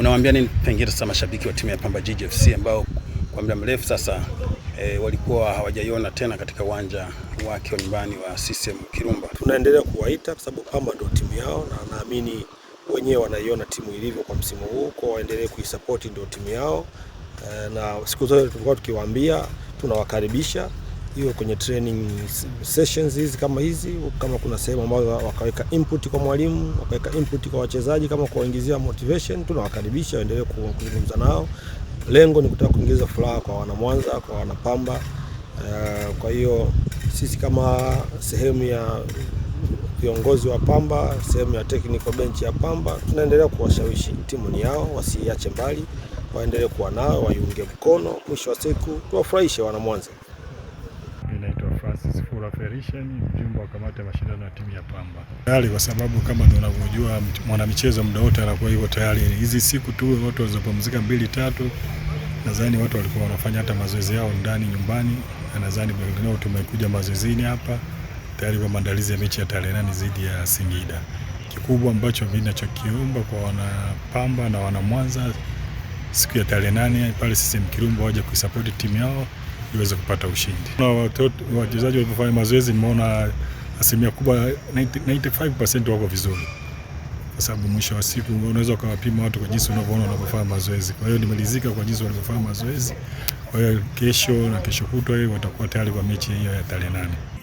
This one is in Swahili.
unawaambia nini pengine sasa mashabiki wa timu ya Pamba Jiji FC ambao kwa muda mrefu sasa e, walikuwa hawajaiona tena katika uwanja wake wa nyumbani wa CCM Kirumba? Tunaendelea kuwaita kwa sababu Pamba ndio timu yao, na naamini wenyewe wanaiona timu ilivyo kwa msimu huu, kwa waendelee kuisapoti, ndio timu yao, eh, na siku zote tulikuwa tukiwaambia tunawakaribisha iwe kwenye training sessions hizi kama hizi, kama kuna sehemu ambazo wakaweka input kwa mwalimu, wakaweka input kwa wachezaji, kama kuwaingizia motivation, tunawakaribisha waendelee kuzungumza nao. Lengo ni kutaka kuingiza furaha kwa wanamwanza, kwa wanapamba. Uh, eh, kwa hiyo sisi kama sehemu ya viongozi wa Pamba, sehemu ya technical bench ya Pamba, tunaendelea kuwashawishi timu ni yao, wasiiache mbali, waendelee kuwa nao, waiunge mkono, mwisho wa siku tuwafurahishe wanamwanza. Yusuf Federation, mjumbe wa kamati ya mashindano ya timu ya Pamba. Tayari kwa sababu kama tunavyojua mwanamichezo muda wote anakuwa hivyo tayari. Hizi siku tu watu walizopumzika mbili tatu, nadhani watu walikuwa wanafanya hata mazoezi yao ndani nyumbani, na nadhani wengineo tumekuja mazoezini hapa tayari kwa maandalizi ya mechi ya tarehe nane dhidi ya Singida. Kikubwa ambacho mimi ninachokiomba kwa wana Pamba na wana Mwanza siku ya tarehe nane pale sisi Kirumba waje kuisupport timu yao iweze kupata ushindi. Wachezaji walivyofanya mazoezi, nimeona asilimia kubwa 95% wako vizuri, kwa sababu mwisho wa siku unaweza ukawapima watu kwa jinsi unavyoona wanavyofanya mazoezi. Kwa hiyo nimelizika kwa jinsi walivyofanya mazoezi. Kwa hiyo kesho na kesho kutwa watakuwa tayari kwa mechi hiyo ya tarehe nane.